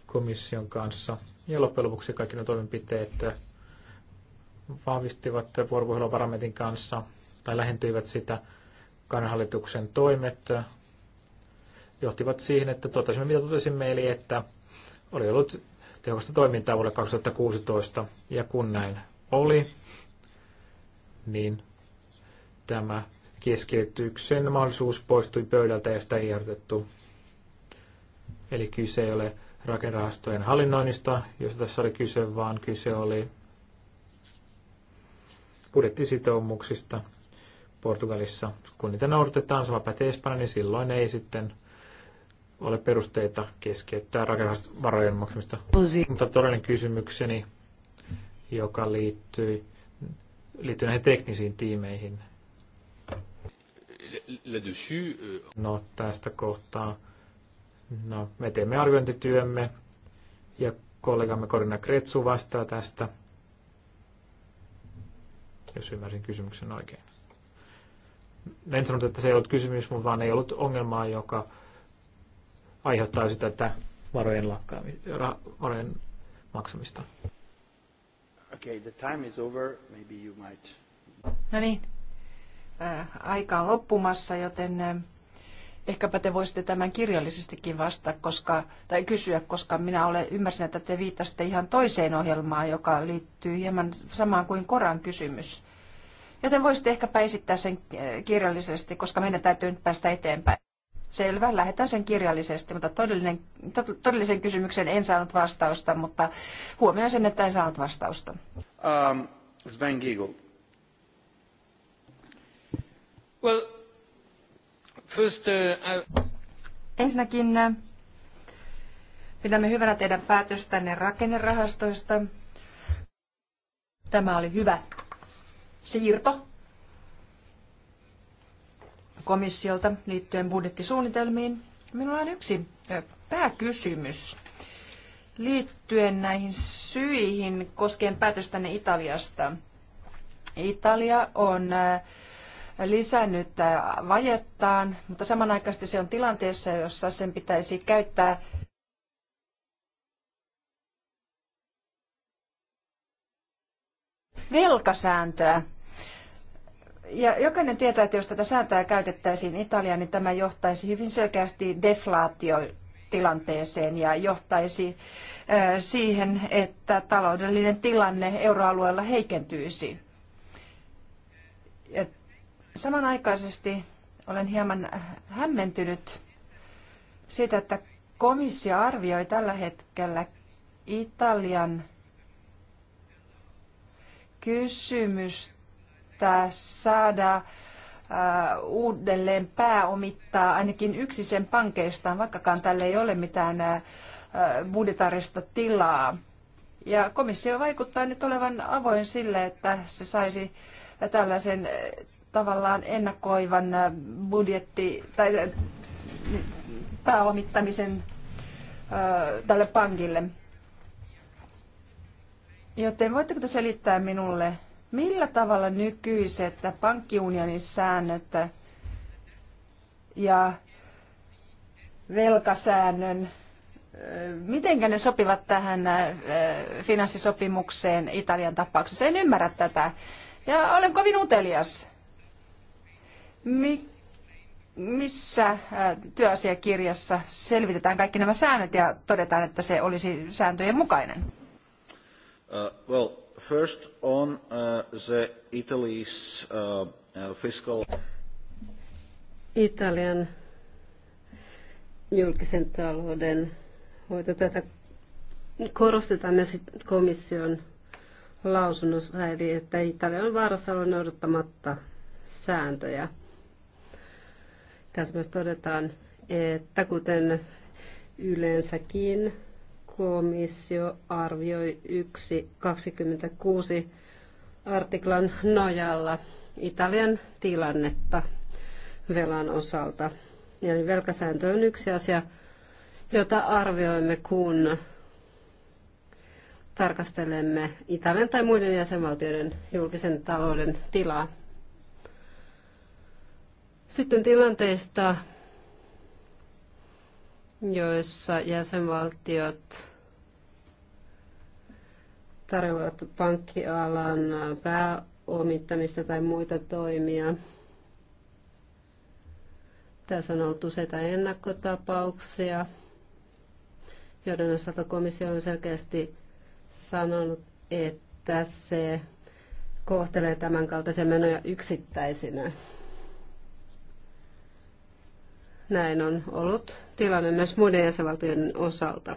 Speaker 3: komission kanssa. Ja loppujen lopuksi kaikki ne toimenpiteet vahvistivat vuoropuhelua parlamentin kanssa tai lähentyivät sitä. kannanhallituksen toimet johtivat siihen, että totesimme mitä totesimme, eli että oli ollut tehokasta toimintaa vuodelle 2016. Ja kun näin oli, niin tämä keskeytyksen mahdollisuus poistui pöydältä ja sitä ei ehdotettu. Eli kyse ei ole rakennerahastojen hallinnoinnista, josta tässä oli kyse, vaan kyse oli budjettisitoumuksista Portugalissa. Kun niitä noudatetaan, sama pätee Espanja, niin silloin ei sitten ole perusteita keskeyttää rakennusvarojen maksamista. Mutta todellinen kysymykseni, joka liittyy, liittyy näihin teknisiin tiimeihin,
Speaker 2: Euh,
Speaker 3: no tästä kohtaa. No, me teemme arviointityömme ja kollegamme Korina Kretsu vastaa tästä, jos ymmärsin kysymyksen oikein. En sanonut, että se ei ollut kysymys, mutta vaan ei ollut ongelmaa, joka aiheuttaisi tätä varojen, varojen maksamista.
Speaker 2: Okay, the time is over. Maybe you might... No niin, aika on loppumassa, joten ehkäpä te voisitte tämän kirjallisestikin vastata koska, tai kysyä, koska minä olen, ymmärsin, että te viittasitte ihan toiseen ohjelmaan, joka liittyy hieman samaan kuin Koran kysymys. Joten voisitte ehkäpä esittää sen kirjallisesti, koska meidän täytyy nyt päästä eteenpäin. Selvä, lähdetään sen kirjallisesti, mutta todellinen, to, todellisen kysymyksen en saanut vastausta, mutta huomioon sen, että en saanut vastausta.
Speaker 3: Um, Sven Giegel. Uh,
Speaker 2: Ensinnäkin äh, pidämme hyvänä teidän päätöstänne rakennerahastoista. Tämä oli hyvä siirto komissiolta liittyen budjettisuunnitelmiin. Minulla on yksi pääkysymys liittyen näihin syihin koskien päätöstänne Italiasta. Italia on äh, lisännyt äh, vajettaan, mutta samanaikaisesti se on tilanteessa, jossa sen pitäisi käyttää velkasääntöä. Ja jokainen tietää, että jos tätä sääntöä käytettäisiin Italiaan, niin tämä johtaisi hyvin selkeästi deflaatiotilanteeseen ja johtaisi äh, siihen, että taloudellinen tilanne euroalueella heikentyisi. Et Samanaikaisesti olen hieman hämmentynyt siitä, että komissio arvioi tällä hetkellä Italian kysymystä saada äh, uudelleen pääomittaa ainakin yksi sen pankeistaan, vaikkakaan tälle ei ole mitään äh, budjetaarista tilaa. Ja komissio vaikuttaa nyt olevan avoin sille, että se saisi tällaisen tavallaan ennakoivan budjetti tai pääomittamisen tälle pankille. Joten voitteko te selittää minulle, millä tavalla nykyiset pankkiunionin säännöt ja velkasäännön, miten ne sopivat tähän finanssisopimukseen Italian tapauksessa? En ymmärrä tätä. Ja olen kovin utelias. Mi, missä äh, työasiakirjassa selvitetään kaikki nämä säännöt ja todetaan, että se olisi sääntöjen mukainen?
Speaker 1: Uh, well, first on uh, the Italy's uh, uh fiscal... Italian julkisen talouden hoito. Tätä korostetaan myös komission lausunnossa, eli että Italia on vaarassa olla noudattamatta sääntöjä. Tässä myös todetaan, että kuten yleensäkin komissio arvioi 1.26 artiklan nojalla Italian tilannetta velan osalta. Eli velkasääntö on yksi asia, jota arvioimme, kun tarkastelemme Italian tai muiden jäsenvaltioiden julkisen talouden tilaa. Sitten tilanteista, joissa jäsenvaltiot tarjoavat pankkialan pääomittamista tai muita toimia. Tässä on ollut useita ennakkotapauksia, joiden osalta komissio on selkeästi sanonut, että se kohtelee tämänkaltaisia menoja yksittäisinä näin on ollut tilanne myös muiden jäsenvaltioiden osalta.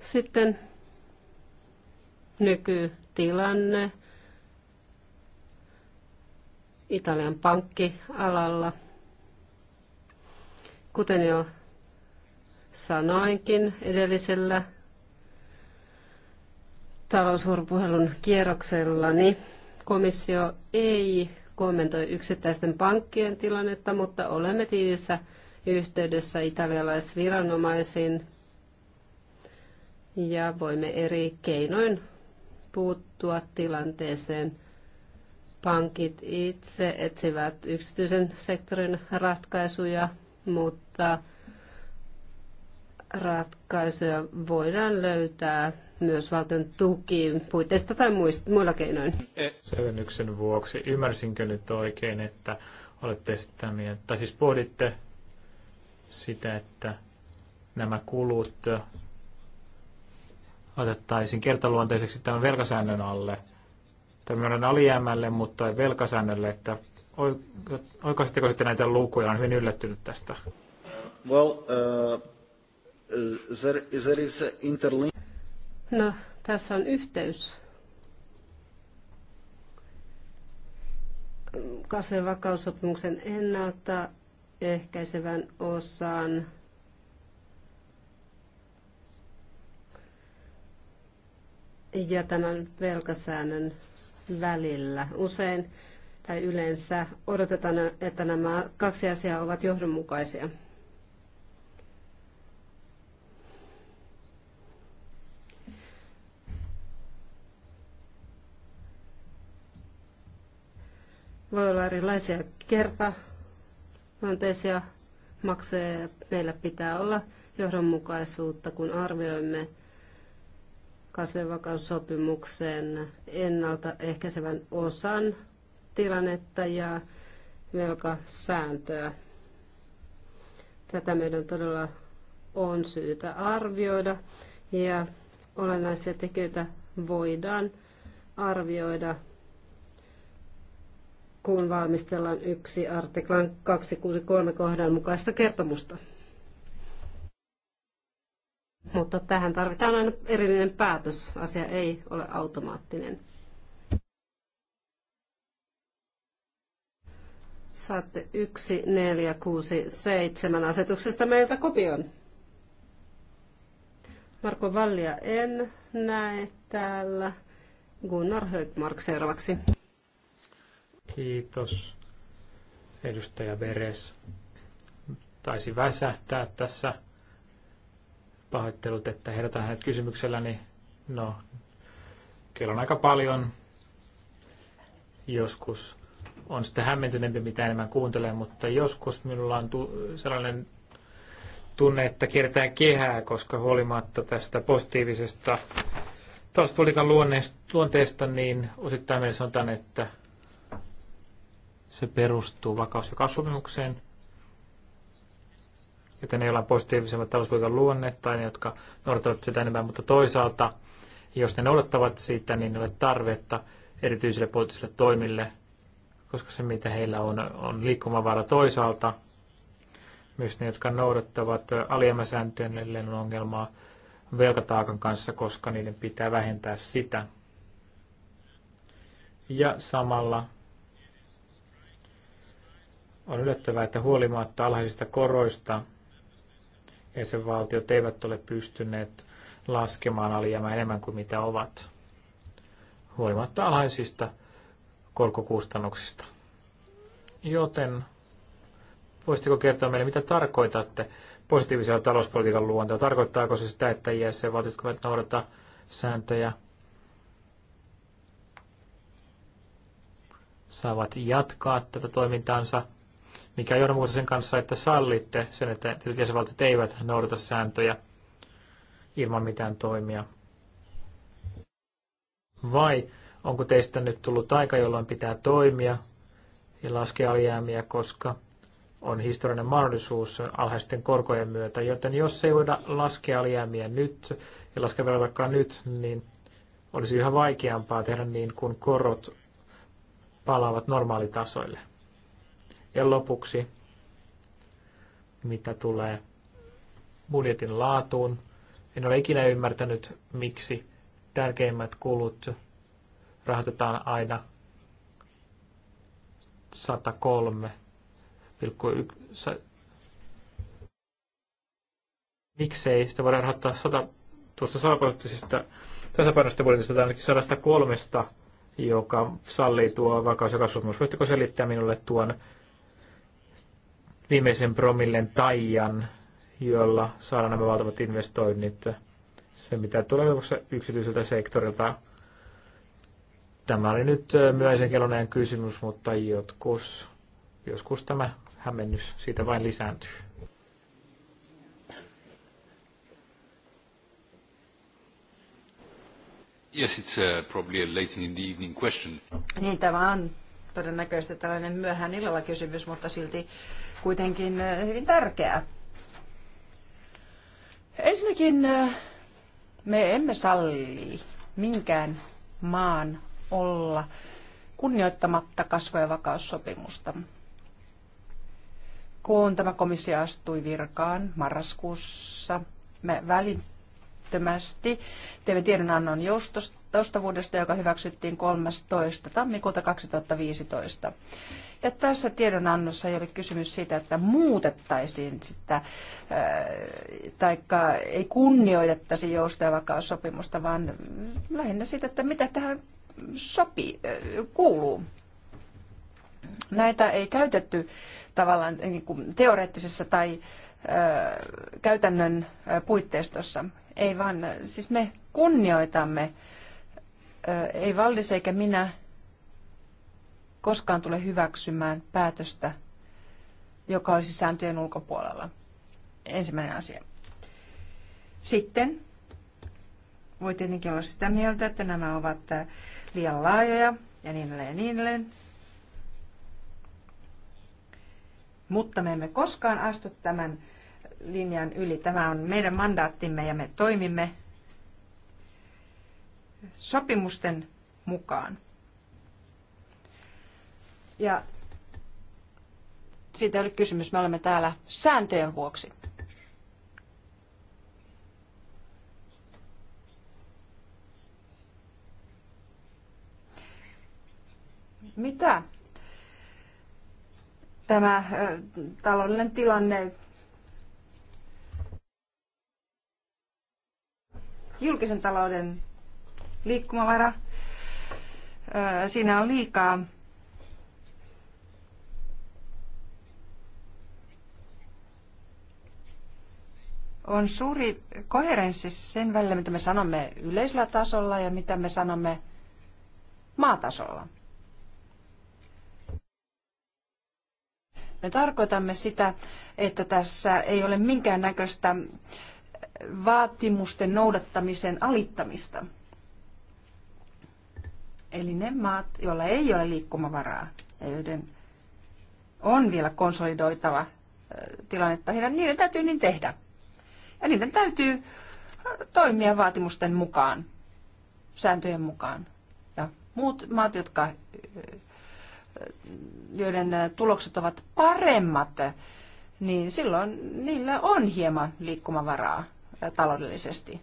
Speaker 1: Sitten nykytilanne Italian pankkialalla. Kuten jo sanoinkin edellisellä taloushuoropuhelun kierroksellani, komissio ei kommentoi yksittäisten pankkien tilannetta, mutta olemme tiivissä yhteydessä italialaisviranomaisiin ja voimme eri keinoin puuttua tilanteeseen. Pankit itse etsivät yksityisen sektorin ratkaisuja, mutta ratkaisuja voidaan löytää myös valtion tukiin puitteista tai muista, muilla keinoin.
Speaker 3: E- Selvennyksen vuoksi, ymmärsinkö nyt oikein, että olette sitä mieltä, tai siis pohditte sitä, että nämä kulut otettaisiin kertaluonteiseksi tämän velkasäännön alle, tämmöinen alijäämälle, mutta ei velkasäännölle, että oikaisitteko sitten näitä lukuja, on hyvin yllättynyt tästä.
Speaker 1: Well, uh there, there is interlink. No, tässä on yhteys. Kasvien vakaussopimuksen ennalta ehkäisevän osan ja tämän velkasäännön välillä. Usein tai yleensä odotetaan, että nämä kaksi asiaa ovat johdonmukaisia. Voi olla erilaisia kertaluonteisia maksuja ja meillä pitää olla johdonmukaisuutta, kun arvioimme kasvinvakaussopimuksen ennaltaehkäisevän osan tilannetta ja velkasääntöä. Tätä meidän todella on syytä arvioida ja olennaisia tekijöitä voidaan arvioida kun valmistellaan yksi artiklan 263 kohdan mukaista kertomusta. Mutta tähän tarvitaan aina erillinen päätös. Asia ei ole automaattinen. Saatte 1467 asetuksesta meiltä kopion. Marko Vallia en näe täällä. Gunnar Högmark seuraavaksi. Kiitos, edustaja Veres.
Speaker 3: Taisi väsähtää tässä pahoittelut, että herätän hänet kysymykselläni. No, kello on aika paljon. Joskus on sitten hämmentyneempi, mitä enemmän kuuntelee, mutta joskus minulla on tu- sellainen tunne, että kiertää kehää, koska huolimatta tästä positiivisesta talouspolitiikan luonteesta, niin osittain meille sanotaan, että se perustuu vakaus- ja kasvusopimukseen, joten joilla on positiivisemmat talouspolitiikan luonne tai ne, jotka noudattavat sitä enemmän, mutta toisaalta, jos ne noudattavat sitä, niin ne ole tarvetta erityisille poliittisille toimille, koska se, mitä heillä on, on liikkumavara toisaalta. Myös ne, jotka noudattavat alijäämäsääntöjä, niille on ongelmaa velkataakan kanssa, koska niiden pitää vähentää sitä. Ja samalla on yllättävää, että huolimatta alhaisista koroista jäsenvaltiot eivät ole pystyneet laskemaan alijäämää enemmän kuin mitä ovat, huolimatta alhaisista korkokustannuksista. Joten voisitteko kertoa meille, mitä tarkoitatte positiivisella talouspolitiikan luonteella? Tarkoittaako se sitä, että jäsenvaltiot voivat noudata sääntöjä saavat jatkaa tätä toimintaansa – mikä on sen kanssa, että sallitte sen, että tietyt jäsenvaltiot eivät noudata sääntöjä ilman mitään toimia? Vai onko teistä nyt tullut aika, jolloin pitää toimia ja laskea alijäämiä, koska on historiallinen mahdollisuus alhaisten korkojen myötä. Joten jos ei voida laskea alijäämiä nyt ja laskea vielä vaikka nyt, niin olisi yhä vaikeampaa tehdä niin, kun korot palaavat normaalitasoille. Ja lopuksi, mitä tulee budjetin laatuun, en ole ikinä ymmärtänyt, miksi tärkeimmät kulut rahoitetaan aina 103, miksei sitä voidaan rahoittaa 100, tuosta 100 tasapainosta budjetista tai ainakin 103, joka sallii tuo vakaus- ja kasvusopimus. Voisitteko selittää minulle tuon viimeisen promillen taian, jolla saadaan nämä valtavat investoinnit. Se, mitä tulee yksityiseltä sektorilta. Tämä oli nyt myöhäisen kellonajan kysymys, mutta jotkus, joskus tämä hämmennys siitä vain lisääntyy.
Speaker 2: Yes, it's uh, probably a late in the evening question. Niin, tämä on todennäköisesti tällainen myöhään illalla kysymys, mutta silti kuitenkin äh, hyvin tärkeää. Ensinnäkin äh, me emme salli minkään maan olla kunnioittamatta kasvo- ja vakaussopimusta. Kun tämä komissio astui virkaan marraskuussa, me välittömästi teemme tiedonannon vuodesta joka hyväksyttiin 13. tammikuuta 2015. Ja tässä tiedonannossa ei ole kysymys siitä, että muutettaisiin sitä, tai ei kunnioitettaisi vakaussopimusta, vaan lähinnä siitä, että mitä tähän sopii, kuuluu. Näitä ei käytetty tavallaan niin kuin teoreettisessa tai käytännön puitteistossa. Ei vaan, siis me kunnioitamme, ei vallis eikä minä, koskaan tule hyväksymään päätöstä, joka olisi sääntöjen ulkopuolella. Ensimmäinen asia. Sitten voi tietenkin olla sitä mieltä, että nämä ovat äh, liian laajoja ja niin edelleen ja niin edelleen. Mutta me emme koskaan astu tämän linjan yli. Tämä on meidän mandaattimme ja me toimimme sopimusten mukaan. Ja siitä ei ole kysymys, me olemme täällä sääntöjen vuoksi. Mitä tämä taloudellinen tilanne julkisen talouden liikkumavara. Siinä on liikaa on suuri koherenssi sen välillä, mitä me sanomme yleisellä tasolla ja mitä me sanomme maatasolla. Me tarkoitamme sitä, että tässä ei ole minkäännäköistä vaatimusten noudattamisen alittamista. Eli ne maat, joilla ei ole liikkumavaraa, joiden on vielä konsolidoitava tilannetta, niin niiden täytyy niin tehdä. Ja niiden täytyy toimia vaatimusten mukaan, sääntöjen mukaan. Ja muut maat, jotka, joiden tulokset ovat paremmat, niin silloin niillä on hieman liikkumavaraa taloudellisesti.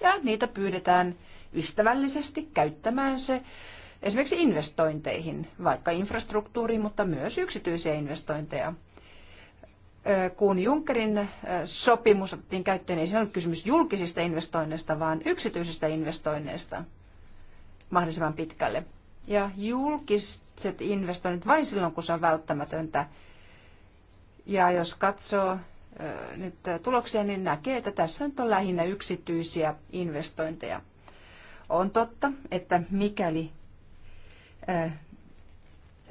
Speaker 2: Ja niitä pyydetään ystävällisesti käyttämään se esimerkiksi investointeihin, vaikka infrastruktuuriin, mutta myös yksityisiä investointeja – kun Junckerin sopimus otettiin käyttöön, ei siinä ollut kysymys julkisista investoinneista, vaan yksityisistä investoinneista mahdollisimman pitkälle. Ja julkiset investoinnit vain silloin, kun se on välttämätöntä. Ja jos katsoo nyt tuloksia, niin näkee, että tässä nyt on lähinnä yksityisiä investointeja. On totta, että mikäli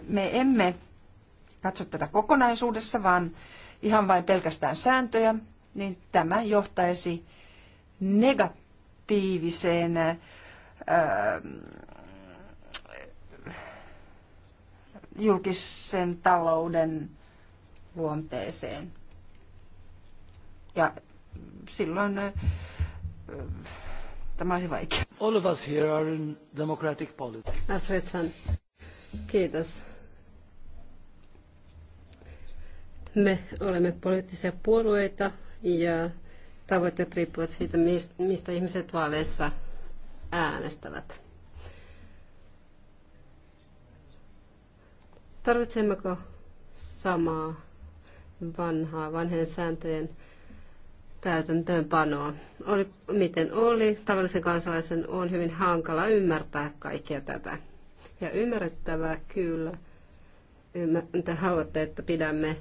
Speaker 2: me emme katso tätä kokonaisuudessa, vaan ihan vain pelkästään sääntöjä, niin tämä johtaisi negatiiviseen ää, julkisen talouden luonteeseen. Ja silloin ää, tämä olisi vaikea. All of us here are in democratic politics.
Speaker 1: Kiitos. Me olemme poliittisia puolueita ja tavoitteet riippuvat siitä, mistä ihmiset vaaleissa äänestävät. Tarvitsemmeko samaa vanhaa, vanhojen sääntöjen täytäntöönpanoa? Oli, miten oli, tavallisen kansalaisen on hyvin hankala ymmärtää kaikkea tätä. Ja ymmärrettävää kyllä, ymmär, te haluatte, että pidämme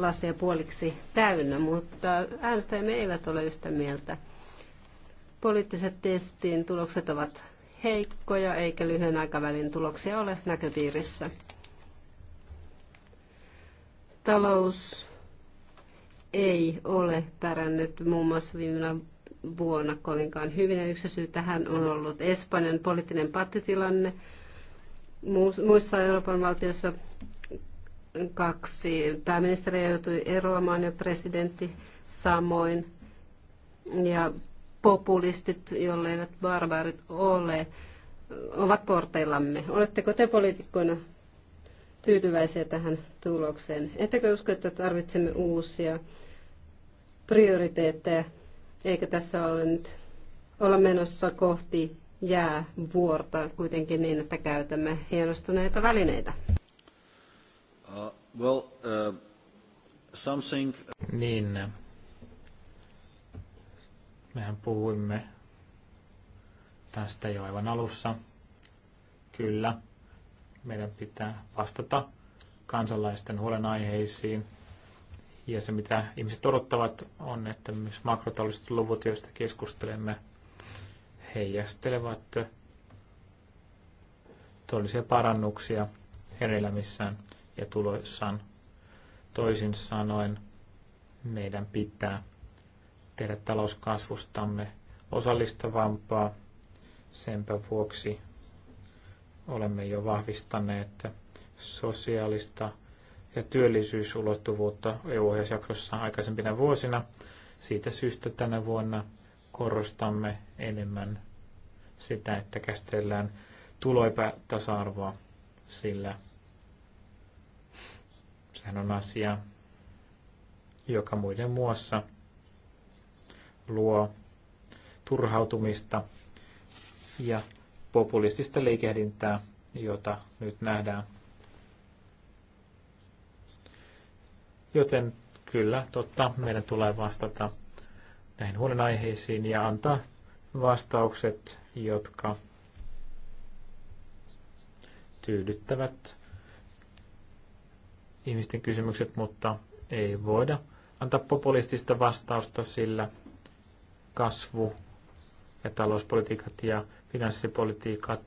Speaker 1: lasia puoliksi täynnä, mutta äänestäjämme eivät ole yhtä mieltä. Poliittiset testin tulokset ovat heikkoja, eikä lyhyen aikavälin tuloksia ole näköpiirissä. Talous ei ole pärännyt muun muassa viime vuonna kovinkaan hyvin. yksi syy tähän on ollut Espanjan poliittinen pattitilanne. Muissa Euroopan valtioissa kaksi pääministeriä joutui eroamaan ja presidentti samoin. Ja populistit, jolle eivät barbaarit ole, ovat porteillamme. Oletteko te poliitikkoina tyytyväisiä tähän tulokseen? Ettekö usko, että tarvitsemme uusia prioriteetteja, eikä tässä ole nyt olla menossa kohti jäävuorta kuitenkin niin, että käytämme hienostuneita välineitä?
Speaker 2: Uh, well, uh, something... Niin,
Speaker 3: mehän puhuimme tästä jo aivan alussa. Kyllä, meidän pitää vastata kansalaisten huolenaiheisiin. Ja se, mitä ihmiset odottavat, on, että myös makrotaloudelliset luvut, joista keskustelemme, heijastelevat todellisia parannuksia heidän elämissään ja tuloissaan. Toisin sanoen meidän pitää tehdä talouskasvustamme osallistavampaa. Senpä vuoksi olemme jo vahvistaneet sosiaalista ja työllisyysulottuvuutta EU-ohjausjaksossa aikaisempina vuosina. Siitä syystä tänä vuonna korostamme enemmän sitä, että käsitellään tuloepätasa-arvoa, sillä Sehän on asia, joka muiden muassa luo turhautumista ja populistista liikehdintää, jota nyt nähdään. Joten kyllä, totta, meidän tulee vastata näihin huolenaiheisiin ja antaa vastaukset, jotka tyydyttävät ihmisten kysymykset, mutta ei voida antaa populistista vastausta, sillä kasvu ja talouspolitiikat ja finanssipolitiikat,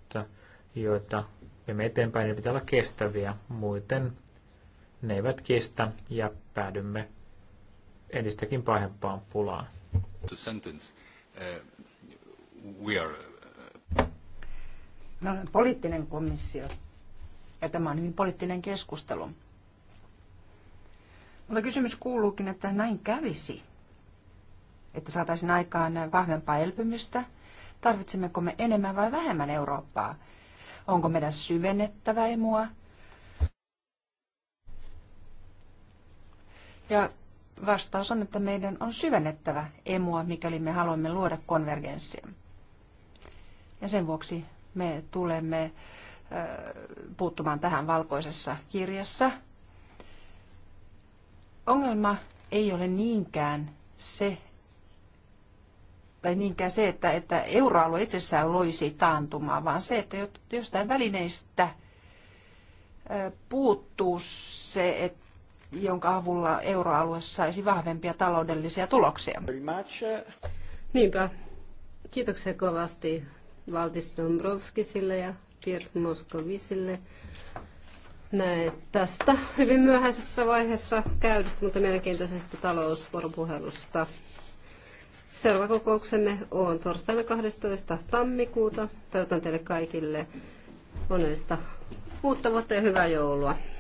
Speaker 3: joita me eteenpäin, ne pitää olla kestäviä. Muuten ne eivät kestä ja päädymme entistäkin pahempaan pulaan.
Speaker 2: No, poliittinen komissio ja tämä on hyvin poliittinen keskustelu. Mutta kysymys kuuluukin, että näin kävisi, että saataisiin aikaan vahvempaa elpymistä. Tarvitsemmeko me enemmän vai vähemmän Eurooppaa? Onko meidän syvennettävä emua? Ja vastaus on, että meidän on syvennettävä emua, mikäli me haluamme luoda konvergenssia. Ja sen vuoksi me tulemme puuttumaan tähän valkoisessa kirjassa, Ongelma ei ole niinkään se, tai niinkään se, että, että euroalue itsessään loisi taantumaa, vaan se, että jostain välineistä puuttuu se, että jonka avulla euroalue saisi vahvempia
Speaker 1: taloudellisia tuloksia. Niinpä. Kiitoksia kovasti Valtis Dombrovskisille ja Kirk Moskovisille näin tästä hyvin myöhäisessä vaiheessa käydystä, mutta mielenkiintoisesta talousvuoropuhelusta. Seuraava kokouksemme on torstaina 12. tammikuuta. Toivotan teille kaikille onnellista uutta vuotta ja hyvää joulua.